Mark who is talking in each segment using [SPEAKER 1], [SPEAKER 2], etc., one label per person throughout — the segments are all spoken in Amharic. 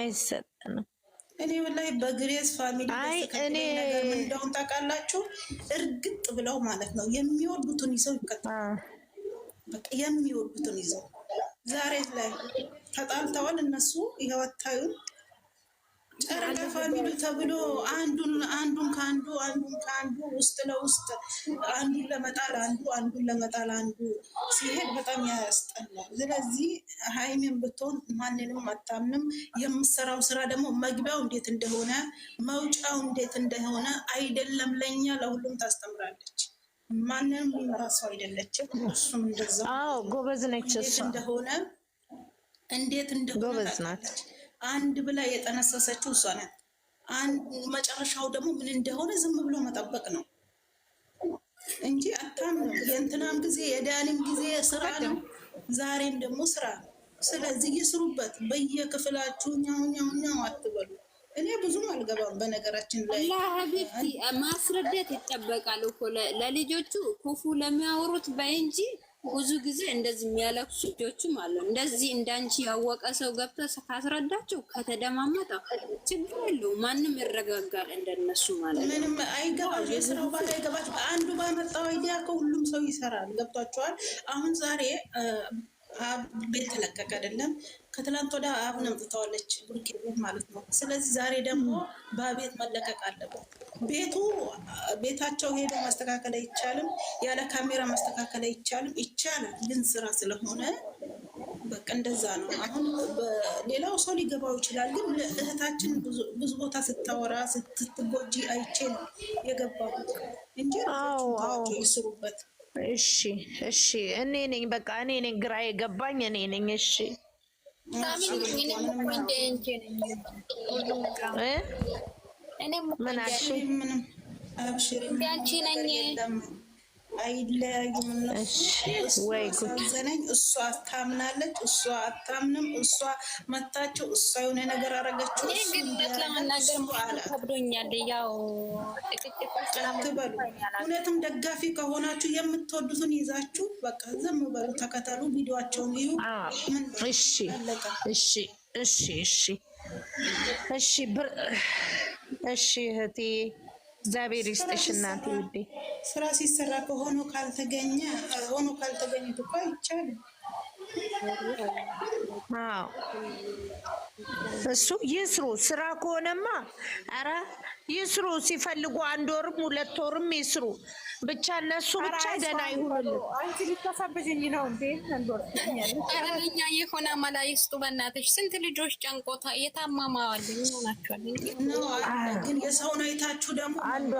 [SPEAKER 1] አይሰጠንም።
[SPEAKER 2] እኔ ላይ በግሬስ ፋሚሊ ነገር ምን ታውቃላችሁ? እርግጥ ብለው ማለት ነው የሚወዱትን ይዘው ይከተላል። የሚወዱትን ይዘው ዛሬ ላይ ተጣልተዋል እነሱ ይኸው አታዩን ጨር ለፋሚሉ ተብሎ አንዱን አንዱን ከአንዱ አንዱን ከአንዱ ውስጥ ለውስጥ አንዱን ለመጣል አንዱ አንዱን ለመጣል አንዱ ሲሄድ በጣም ያስጠላል። ስለዚህ ሀይሜን ብትሆን ማንንም አታምንም። የምሰራው ስራ ደግሞ መግቢያው እንዴት እንደሆነ መውጫው እንዴት እንደሆነ አይደለም ለእኛ ለሁሉም ታስተምራለች። ማንንም ራሱ አይደለችም። እሱም እንደዛ ጎበዝ ነች እንደሆነ እንዴት እንደሆነ ጎበዝ ናት። አንድ ብላ የጠነሰሰችው እሷ ናት። መጨረሻው ደግሞ ምን እንደሆነ ዝም ብሎ መጠበቅ ነው እንጂ አታም ነው። የእንትናም ጊዜ የዳኒም ጊዜ ስራ ነው፣ ዛሬም ደግሞ ስራ ነው። ስለዚህ ይስሩበት። በየክፍላችሁ ኛው ኛው ኛው አትበሉ። እኔ ብዙም አልገባም። በነገራችን
[SPEAKER 3] ላይ ሀቢብቲ ማስረዳት ይጠበቃል እኮ ለልጆቹ ክፉ ለሚያወሩት በእንጂ ብዙ ጊዜ እንደዚህ የሚያለቅሱ ልጆችም አሉ። እንደዚህ እንዳንቺ ያወቀ ሰው ገብቶ ካስረዳቸው ከተደማመጠ ችግር የለው ማንም ይረጋጋል። እንደነሱ ማለት
[SPEAKER 2] ምንም አይገባቸው፣ የስራው ባህል አይገባቸው። አንዱ ባመጣው አይዲያ ከሁሉም ሰው ይሰራል። ገብቷቸዋል። አሁን ዛሬ ቤት ተለቀቀ አይደለም ከትላንት ወደ አብን አምጥተዋለች ብሩኬ ማለት ነው። ስለዚህ ዛሬ ደግሞ በቤት መለቀቅ አለበት። ቤቱ ቤታቸው ሄደ ማስተካከል አይቻልም፣ ያለ ካሜራ ማስተካከል አይቻልም። ይቻላል ግን ስራ ስለሆነ በቃ እንደዛ ነው። አሁን ሌላው ሰው ሊገባው ይችላል። ግን እህታችን ብዙ ቦታ ስታወራ ስትጎጂ አይቼ ነው የገባሁት እንጂ ይስሩበት።
[SPEAKER 1] እሺ፣ እሺ፣ እኔ ነኝ በቃ እኔ ነኝ ግራ የገባኝ እኔ ነኝ። እሺ እኔም ያንቺ ነኝ አይለያዩምናዘነኝ
[SPEAKER 2] እሷ ታምናለች፣ እሷ አታምንም። እሷ መታችው፣ እሷ የሆነ ነገር አረገችው።
[SPEAKER 3] ግንበት ለመናገር ከብዶኛል። ያው
[SPEAKER 2] አትበሉ። እውነትም ደጋፊ ከሆናችሁ የምትወዱትን ይዛችሁ በቃ ዝም በሉ፣ ተከተሉ፣ ቪዲዮዋቸውን እዩ።
[SPEAKER 1] እሺ፣ እሺ፣ እሺ፣ እሺ፣ እሺ እሺ እህቴ እግዚአብሔር ይስጥሽ እናቴ ውዴ።
[SPEAKER 2] ስራ ሲሰራ ከሆኖ ካልተገኘ ሆኖ ካልተገኘ እኮ ይቻል።
[SPEAKER 1] አዎ እሱ ይስሩ። ስራ ከሆነማ አረ ይስሩ። ሲፈልጉ አንድ ወርም ሁለት ወርም ይስሩ። ብቻ እነሱ ብቻ ደህና ይሁንልን።
[SPEAKER 3] አንቺ ልታሳብዥኝ ነው እንዴ? ኧረ የሆነ አማላ ይስጡ በእናትሽ። ስንት ልጆች ጨንቆታ እየታማማዋል ይሆናቸዋል።
[SPEAKER 2] ግን የሰውን አይታችሁ ደግሞ አንዱ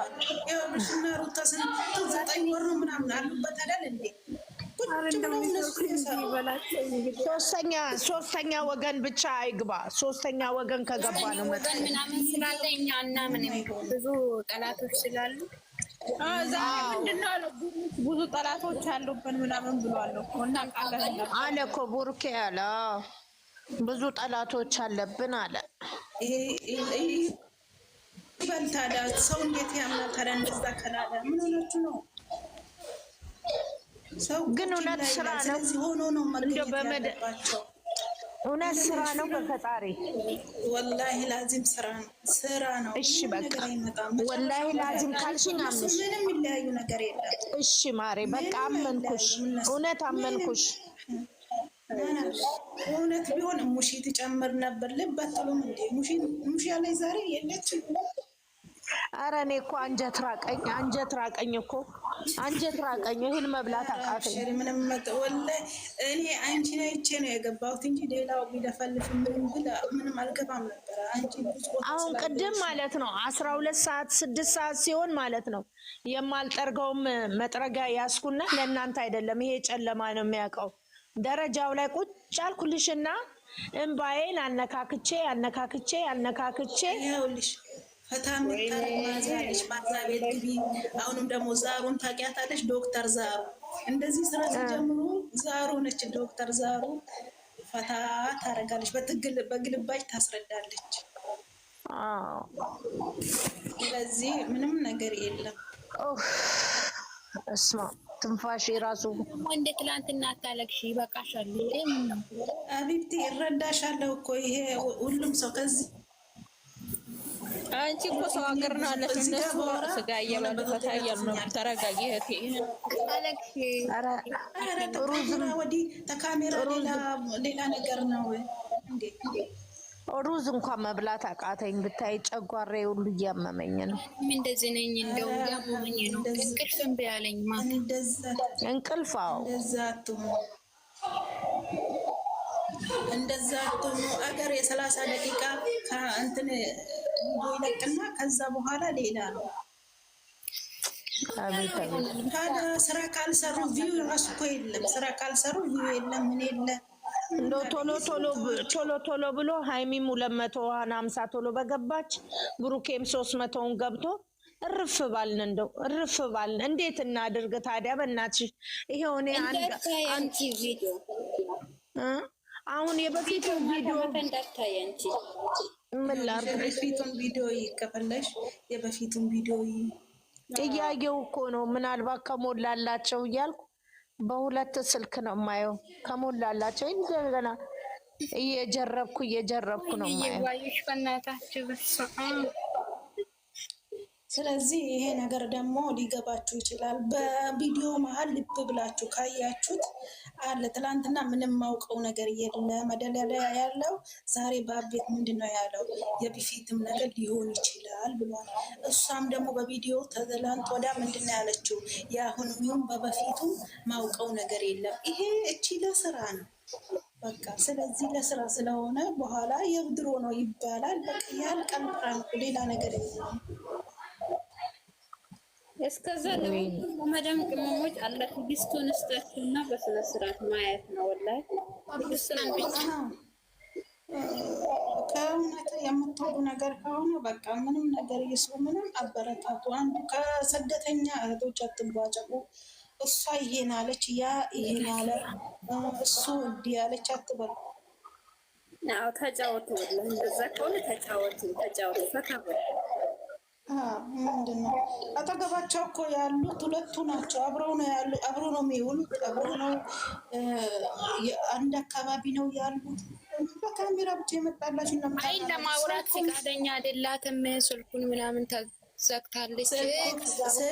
[SPEAKER 2] ሩታ ስንት ዘጠኝ ወር ነው ምናምን አሉበት አይደል እንዴ?
[SPEAKER 1] ሶስተኛ ወገን ብቻ አይግባ። ሶስተኛ ወገን ከገባ ነው
[SPEAKER 3] ምናምን ብዙ ጠላቶች ስላሉ ብዙ ጠላቶች አሉብን ምናምን ብሏል
[SPEAKER 1] አለ እኮ ቡርኬ አለ ብዙ ጠላቶች አለብን አለ።
[SPEAKER 2] ይበል ታዲያ ሰው እንዴት ያምናል? ታዲያ እንደዛ ከላለ ምን ሆነች ነው
[SPEAKER 1] ግን እውነት ስራ ነው። እውነት ስራ ነው። በፈጣሪ
[SPEAKER 2] ወላሂ ላዚም ስራ ነው፣ ስራ ነው።
[SPEAKER 1] እሺ በቃ ወላሂ ላዚም ካልሽኝ አምንሽ፣
[SPEAKER 2] ምንም የሚለያዩ ነገር የለም።
[SPEAKER 1] እሺ ማሬ በቃ አመንኩሽ፣ እውነት አመንኩሽ።
[SPEAKER 2] እውነት ቢሆን ሙሺ ትጨምር ነበር። ልብ አትሉም እንዴ? ሙሺ አለች ዛሬ የለችም።
[SPEAKER 1] ኧረ እኔ እኮ አንጀት ራቀኝ፣ አንጀት ራቀኝ እኮ አንጀት ራቀኝ። ይህን መብላት
[SPEAKER 2] አቃተኝ። ምንም እኔ አንቺ ነው ነው የገባሁት እንጂ ሌላው ቢደፈልፍ ምንም አልገባም ነበረ።
[SPEAKER 1] አሁን ቅድም ማለት ነው አስራ ሁለት ሰዓት ስድስት ሰዓት ሲሆን ማለት ነው የማልጠርገውም መጥረጊያ ያስኩና ለእናንተ አይደለም ይሄ ጨለማ ነው የሚያውቀው ደረጃው ላይ ቁጭ አልኩልሽና እምባዬን አነካክቼ አነካክቼ አነካክቼ
[SPEAKER 2] በጣም የምታረግ ማዛ ቤት ግቢ። አሁንም ደግሞ ዛሩን ታውቂያታለች? ዶክተር ዛሩ እንደዚህ ስራ ሲጀምሩ ዛሩ ነች። ዶክተር ዛሩ ፈታ ታረጋለች፣ በግልባጭ ታስረዳለች። ስለዚህ ምንም ነገር የለም።
[SPEAKER 1] እስማ ትንፋሽ ራሱ
[SPEAKER 3] እንደ ትላንትና አታለቅሽ፣ ይበቃሻል።
[SPEAKER 2] አቢብቲ ይረዳሻለሁ እኮ ይሄ ሁሉም ሰው ከዚህ
[SPEAKER 1] አንቺ እኮ ሰው ሀገር ነው አለሽ። እነሱ ስጋ እየበሉ ፈታ ነው። ተረጋጊ እህቴ። ሌላ
[SPEAKER 2] ነገር ነው።
[SPEAKER 1] ሩዝ እንኳን መብላት አቃተኝ ብታይ፣ ጨጓሬ ሁሉ እያመመኝ
[SPEAKER 3] ነው። እንደዚህ ነኝ። እንደው ያመመኝ ነው። እንቅልፍ እምቢ አለኝ።
[SPEAKER 1] እንቅልፍ አዎ
[SPEAKER 2] እንደዛ አትሆኑ። አገር የሰላሳ ደቂቃ እንትን ቪዲዮ ይለቅና ከዛ በኋላ ሌላ ነው። ታዲያ ስራ ካልሰሩ ቪው ራሱ እኮ የለም። ስራ ካልሰሩ ቪው የለም። ምን የለ
[SPEAKER 1] ቶሎ ቶሎ ቶሎ ቶሎ ብሎ ሀይሚም ሁለት መቶ ዋና ሀምሳ ቶሎ በገባች ብሩኬም ሶስት መቶውን ገብቶ እርፍ ባልን እንደው እርፍ ባልን እንዴት እናድርግ ታዲያ? በእናትሽ ይሄው እኔ
[SPEAKER 3] አንቺ ቪዲዮ
[SPEAKER 1] አሁን የበፊቱ ቪዲዮ
[SPEAKER 2] የበፊቱን ቪዲዮ ይከፈለሽ የበፊቱን ቪዲዮ
[SPEAKER 1] እያየው እኮ ነው። ምናልባት ከሞላላቸው እያልኩ በሁለት ስልክ ነው የማየው። ከሞላላቸው እንደገና እየጀረብኩ እየጀረብኩ ነው ማየው።
[SPEAKER 2] ስለዚህ ይሄ ነገር ደግሞ ሊገባችሁ ይችላል። በቪዲዮ መሀል ልብ ብላችሁ ካያችሁት አለ ትላንትና ምንም ማውቀው ነገር የለ መደለለያ ያለው ዛሬ በአቤት ምንድን ነው ያለው የፊትም ነገር ሊሆን ይችላል ብሏል። እሷም ደግሞ በቪዲዮ ትላንት ወዳ ምንድን ነው ያለችው የአሁን ሚሁን በበፊቱ ማውቀው ነገር የለም። ይሄ እቺ ለስራ ነው በቃ ስለዚህ ለስራ ስለሆነ በኋላ የድሮ ነው ይባላል። በቃ ያልቀን ሌላ ነገር የለም።
[SPEAKER 3] እስከዛ ለመዳም ቅመሞች አለ ትዕግስቱን እስታችሁና በስነ ስርዓት ማየት ነው። ወላሂ ትዕግስቱን ብቻ
[SPEAKER 2] ከእውነት የምትወዱ ነገር ከሆነ በቃ ምንም ነገር ይስሩ፣ ምንም አበረታቱ። አንዱ ከስደተኛ እህቶች አትቧጨቁ። እሷ ይሄን አለች፣ ያ ይሄን አለ፣ እሱ እንዲህ አለች አትበሉ።
[SPEAKER 3] ተጫወቱ፣ እንደዛ ከሆነ ተጫወቱ፣ ተጫወቱ፣ ፈታ በሉ
[SPEAKER 2] ምንድን አጠገባቸው እኮ ያሉት ሁለቱ ናቸው። አብረው ነው ያሉ አብሮ ነው የሚውሉት፣ አብረው ነው አንድ አካባቢ ነው ያሉት። በካሜራ ብቻ የመጣላችሁ
[SPEAKER 3] ነው። አይ ለማውራት ፈቃደኛ አይደላትም። ስልኩን ምናምን ተዘግታለች።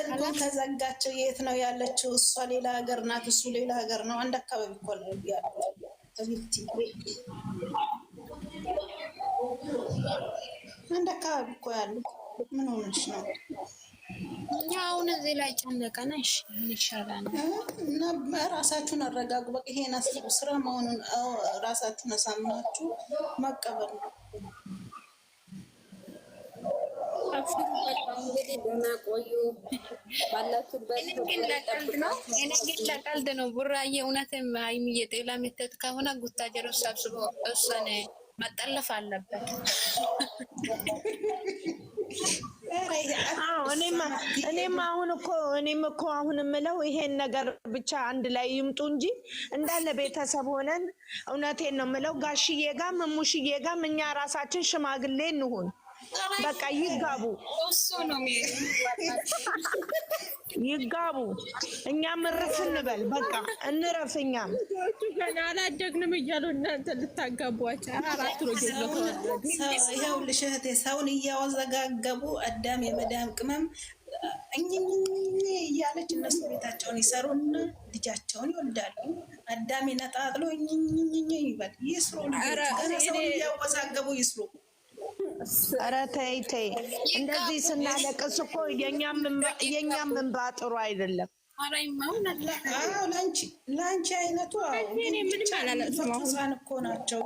[SPEAKER 2] ስልኩን ተዘጋቸው። የት ነው ያለችው? እሷ ሌላ ሀገር ናት፣ እሱ ሌላ ሀገር ነው። አንድ አካባቢ እኮ ነው ያሉ አንድ አካባቢ እኮ ያሉት ምን ሆነች ነው?
[SPEAKER 3] እኛ አሁን እዚህ ላይ ጨነቀን። እሺ ምን ይሻላል?
[SPEAKER 2] እና ራሳችሁን አረጋጉ። በቃ ይሄን አስቡ። ስራ መሆኑን ራሳችሁን አሳምናችሁ መቀበል ነው።
[SPEAKER 3] ለቀልድ ነው ቡራዬ። እውነትም ሀይሚዬ ጥላ ምትት ከሆነ ጉታጀሮ ሰብስቦ እሱን መጠለፍ አለበት።
[SPEAKER 1] እኔም አሁን እኮ እኔም እኮ አሁን የምለው ይሄን ነገር ብቻ አንድ ላይ ይምጡ እንጂ እንዳለ ቤተሰብ ሆነን እውነቴን ነው የምለው ጋሽዬ ጋም እሙሽዬ ጋም እኛ ራሳችን ሽማግሌ እንሁን። በቃ ይጋቡ፣ እሱ ነው ይጋቡ። እኛም እርፍ እንበል፣ በቃ እንረፍ። እኛም
[SPEAKER 3] ገና አላደግንም እያሉ እናንተ ልታጋቧቸው አራት
[SPEAKER 2] ይኸውልሽ፣ እህቴ ሰውን እያወዘጋገቡ አዳም የመዳም ቅመም እኝኝ እያለች እነሱ ቤታቸውን ይሰሩና ልጃቸውን ይወልዳሉ። አዳሜ ነጣጥሎ እኝኝኝ ይበል። ይስሩ፣
[SPEAKER 1] ሰውን እያወዛገቡ ይስሩ። ኧረ ተይ ተይ፣ እንደዚህ ስናለቅስ እኮ የእኛም እንባ ጥሩ አይደለም።
[SPEAKER 2] ለአንቺ አይነቱ እኮ ናቸው።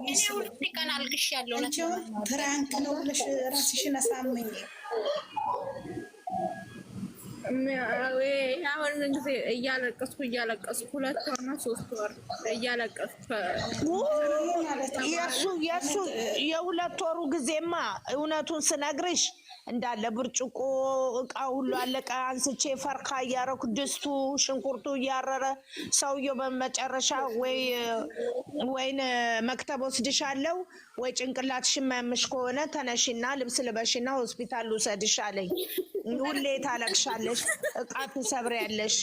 [SPEAKER 2] ትራንክ ነው ብለሽ ራስሽን አሳምኝ
[SPEAKER 3] አሁን ጊዜ እያለቀስኩ እያለቀስኩ ሁለት ወርና ሶስት ወር እያለቀስኩ
[SPEAKER 1] የእሱ የሁለት ወሩ ጊዜማ እውነቱን ስነግርሽ እንዳለ ብርጭቆ እቃ ሁሉ አለቀ። አንስቼ ፈርካ እያረኩ ድስቱ፣ ሽንኩርቱ እያረረ ሰውየው በመጨረሻ ወይ ወይን መክተብ ወስድሻለሁ ወይ ከሆነ ተነሽና ልብስ ልበሽና ሆስፒታል ሁሌ ትሰብሪያለሽ፣ እቃ ትሰብሪያለሽ።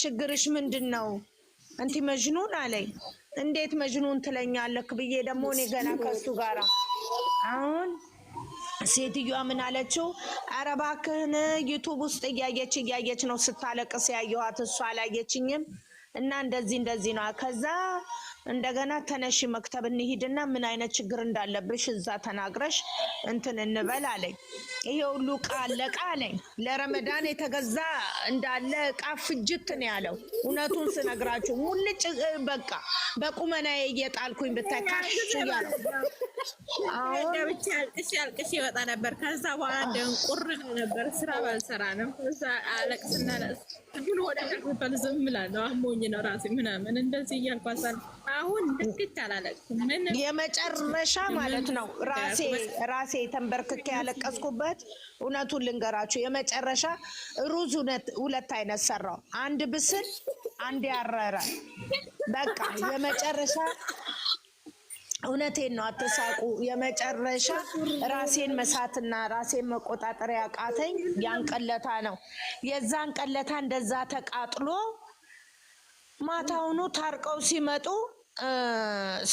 [SPEAKER 1] ችግርሽ ምንድን ነው? እንቲ መጅኑን አለኝ። እንዴት መጅኑን ትለኛለክ ብዬ ደግሞ እኔ ገና ከሱ ጋራ አሁን ሴትዮዋ ምን አለችው? ኧረ እባክህን ዩቱብ ውስጥ እያየች እያየች ነው ስታለቅስ ያየኋት፣ እሷ አላየችኝም እና እንደዚህ እንደዚህ ነው ከዛ እንደገና ተነሺ መክተብ እንሂድና ምን አይነት ችግር እንዳለብሽ እዛ ተናግረሽ እንትን እንበል አለኝ። ይሄ ሁሉ እቃ አለቃ አለኝ። ለረመዳን የተገዛ እንዳለ እቃ ፍጅት ነው ያለው። እውነቱን ስነግራችሁ ሙልጭ በቃ በቁመና እየጣልኩኝ ብታይ ካሽ ያለው
[SPEAKER 3] ብቻ አልቅሽ አልቅሽ ይወጣ ነበር። ከዛ በኋላ ቁር ነበር። ስራ ባልሰራ ነው እዛ አለቅስና ግን ወደ ዝም እላለሁ። አሞኝ ነው ራሴ ምናምን እንደዚህ እያልኳሳል አሁን ብትት አላለቅኩም።
[SPEAKER 1] የመጨረሻ ማለት ነው ራሴ ራሴ ተንበርክኬ ያለቀስኩበት እውነቱን ልንገራችሁ። የመጨረሻ ሩዝ ሁለት አይነት ሰራው፣ አንድ ብስል፣ አንድ ያረረ። በቃ የመጨረሻ እውነቴን ነው፣ አትሳቁ። የመጨረሻ ራሴን መሳትና ራሴን መቆጣጠር ያቃተኝ ያን ቀለታ ነው። የዛን ቀለታ እንደዛ ተቃጥሎ ማታውኑ ታርቀው ሲመጡ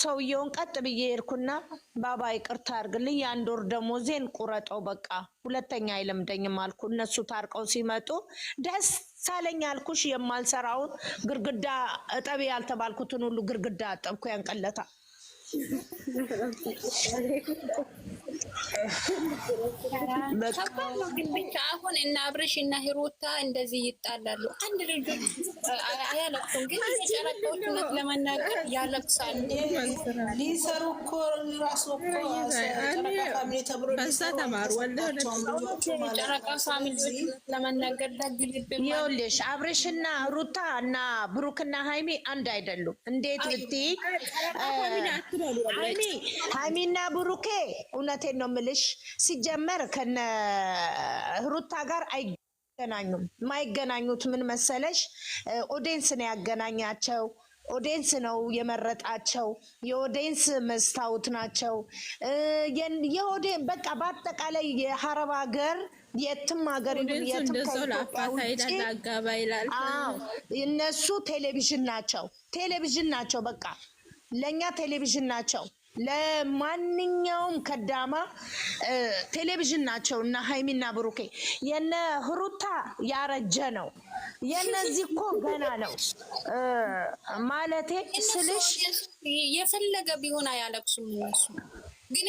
[SPEAKER 1] ሰውየውን ቀጥ ብዬ ሄድኩና ባባ ይቅርታ አድርግልኝ፣ የአንድ ወር ደሞዜን ቁረጠው፣ በቃ ሁለተኛ አይለምደኝም አልኩ። እነሱ ታርቀው ሲመጡ ደስ ሳለኝ አልኩሽ። የማልሰራውን ግርግዳ እጠብ ያልተባልኩትን ሁሉ ግርግዳ አጠብኩ። ያንቀለታ
[SPEAKER 3] ግን ብቻ አሁን እና አብርሽ እና ሂሩታ እንደዚህ ይጣላሉ። አንድ ልጁ አያለቅሱም፣ ግን የጨረቃዎችነት ለመናገር ያለቅሳሉ።
[SPEAKER 2] ሊሰሩ እኮ ራሱ
[SPEAKER 3] ጨረቃ ፋሚሊዎች ለመናገር ደግ
[SPEAKER 1] ይኸውልሽ፣ አብርሽና ሩታ እና ብሩክና ሀይሚ አንድ አይደሉም። እንዴት ብትይ ሀይሚና ብሩኬ እውነቴን ነው ነው ምልሽ። ሲጀመር ከነ ሩታ ጋር አይገናኙም። የማይገናኙት ምን መሰለሽ፣ ኦዲንስ ነው ያገናኛቸው። ኦዲንስ ነው የመረጣቸው። የኦዲየንስ መስታወት ናቸው። የኦዲየንስ በቃ በአጠቃላይ የሀረብ ሀገር የትም ሀገር እነሱ ቴሌቪዥን ናቸው። ቴሌቪዥን ናቸው። በቃ ለእኛ ቴሌቪዥን ናቸው። ለማንኛውም ከዳማ ቴሌቪዥን ናቸው እና ሀይሚና ብሩኬ የነ ህሩታ ያረጀ ነው። የነዚህ እኮ ገና ነው ማለቴ ስልሽ
[SPEAKER 3] የፈለገ ቢሆን አያለቅሱም። እነሱ
[SPEAKER 1] ግን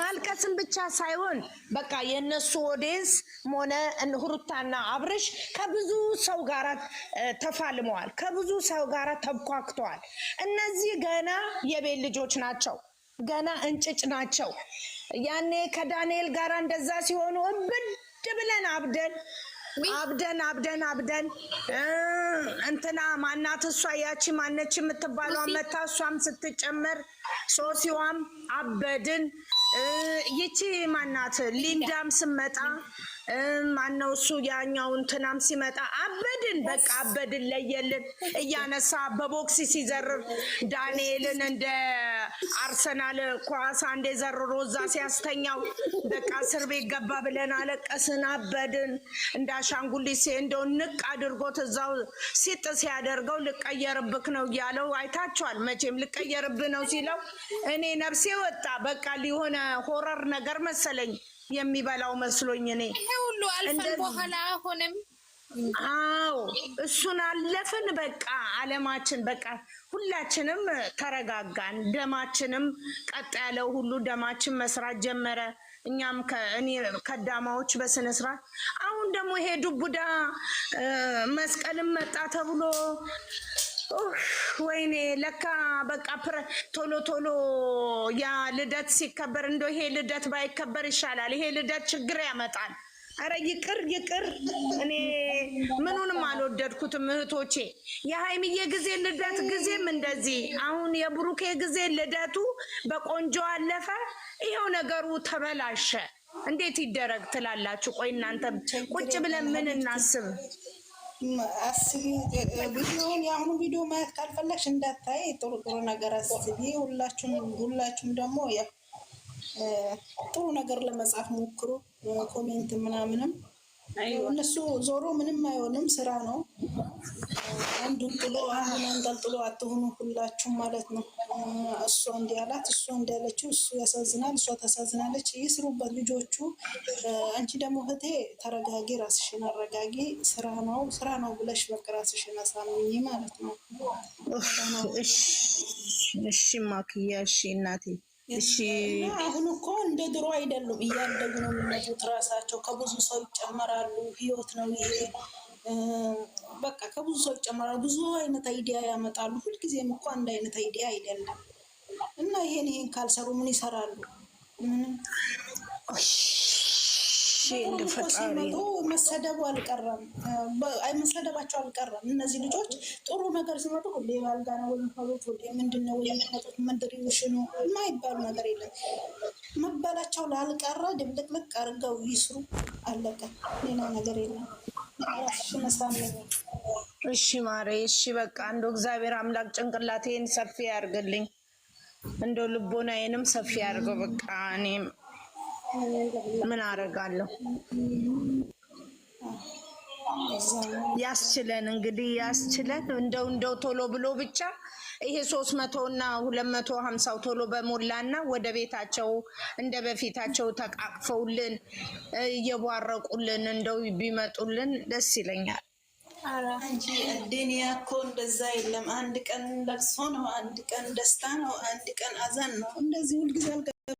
[SPEAKER 1] ማልቀስም ብቻ ሳይሆን በቃ የእነሱ ኦዲየንስ ሆነ ሁሩታና አብርሽ ከብዙ ሰው ጋራ ተፋልመዋል፣ ከብዙ ሰው ጋራ ተብኳክተዋል። እነዚህ ገና የቤት ልጆች ናቸው። ገና እንጭጭ ናቸው። ያኔ ከዳንኤል ጋር እንደዛ ሲሆኑ እብድ ብለን አብደን አብደን አብደን አብደን እንትና ማናት እሷ ያቺ ማነች የምትባለው መታ እሷም ስትጨመር ሶሲዋም አበድን። ይቺ ማናት ሊንዳም ስመጣ ማነው እሱ ያኛው እንትናም ሲመጣ አበድን፣ በቃ አበድን፣ ለየልን እያነሳ በቦክስ ሲዘርር ዳንኤልን እንደ አርሰናል ኳስ አንዴ ዘርሮ እዛ ሲያስተኛው በቃ እስር ቤት ገባ ብለን አለቀስን፣ አበድን። እንደ አሻንጉሊት እንደው ንቅ አድርጎት እዛው ሲጥ ሲያደርገው ልቀየርብክ ነው እያለው አይታችኋል መቼም። ልቀየርብ ነው ሲለው እኔ ነፍሴ ወጣ በቃ ሊሆነ ሆረር ነገር መሰለኝ የሚበላው መስሎኝ እኔ ይሄ
[SPEAKER 3] ሁሉ አልፈን በኋላ አሁንም
[SPEAKER 1] አዎ እሱን አለፍን። በቃ አለማችን በቃ ሁላችንም ተረጋጋን። ደማችንም ቀጥ ያለው ሁሉ ደማችን መስራት ጀመረ። እኛም ከዳማዎች በስነ ስርዓት አሁን ደግሞ ይሄ ዱቡዳ መስቀልም መጣ ተብሎ ወይኔ ለካ በቃ ቶሎ ቶሎ ያ ልደት ሲከበር እንደ ይሄ ልደት ባይከበር ይሻላል። ይሄ ልደት ችግር ያመጣል። አረ ይቅር ይቅር። እኔ ምኑንም አልወደድኩትም እህቶቼ። የሀይምዬ ጊዜ ልደት ጊዜም እንደዚህ አሁን የብሩኬ ጊዜ ልደቱ በቆንጆ አለፈ። ይኸው ነገሩ ተበላሸ። እንዴት ይደረግ ትላላችሁ? ቆይ እናንተ ቁጭ ብለን ምን እናስብ?
[SPEAKER 2] ቪዲዮውን የአሁኑ ቪዲዮ ማየት ካልፈለግሽ እንዳታይ ጥሩ ጥሩ ነገር አስቢ። ሁላችሁም ሁላችሁም ደግሞ ጥሩ ነገር ለመጻፍ ሞክሩ። ኮሜንት ምናምንም እነሱ ዞሮ ምንም አይሆንም፣ ስራ ነው። አንዱን ጥሎ አንዱን አንጠልጥሎ አትሆኑ ሁላችሁም ማለት ነው። እሷ እንዲህ ያላት እሷ ያለችው እሱ ያሳዝናል፣ እሷ ታሳዝናለች። ይስሩበት ልጆቹ። አንቺ ደግሞ እህቴ ተረጋጊ፣ ራስሽን አረጋጊ። ስራ ነው ስራ ነው ብለሽ በቃ ራስሽን አሳምኝ ማለት ነው።
[SPEAKER 1] እሺ ማክያ፣ እሺ እናቴ እሺ
[SPEAKER 2] አሁን እኮ እንደ ድሮ አይደሉም፣ እያደጉ ነው የሚመጡት። ራሳቸው ከብዙ ሰው ይጨመራሉ። ህይወት ነው ይሄ። በቃ ከብዙ ሰው ይጨመራሉ። ብዙ አይነት አይዲያ ያመጣሉ። ሁልጊዜም እኮ አንድ አይነት አይዲያ አይደለም። እና ይሄን ይሄን ካልሰሩ ምን ይሰራሉ? መሰደቡ አልቀረም፣ መሰደባቸው አልቀረም። እነዚህ ልጆች ጥሩ ነገር ሲመጡ ሁሌ ባልጋ ነው ወይም ከቤት ወደ ምንድን ነው የሚመጡት ምንድሪሽኑ የማይባሉ ነገር የለም። መበላቸው ላልቀረ ድብልቅልቅ አርገው ይስሩ፣ አለቀ። ሌላ ነገር የለም።
[SPEAKER 1] እሺ ማሬ፣ እሺ በቃ እንደው እግዚአብሔር አምላክ ጭንቅላቴን ሰፊ ያርግልኝ። እንደው ልቦናዬንም ሰፊ አድርገው። በቃ እኔም ምን አደርጋለሁ ያስችለን እንግዲህ ያስችለን። እንደው እንደው ቶሎ ብሎ ብቻ ይሄ ሶስት መቶ እና ሁለት መቶ ሀምሳው ቶሎ በሞላና ወደ ቤታቸው እንደ በፊታቸው ተቃቅፈውልን እየቧረቁልን እንደው ቢመጡልን ደስ ይለኛል።
[SPEAKER 2] እንጂ ዱንያ እኮ እንደዛ የለም። አንድ ቀን ለቅሶ ነው፣ አንድ ቀን ደስታ ነው፣ አንድ ቀን አዘን ነው። እንደዚህ ሁልጊዜ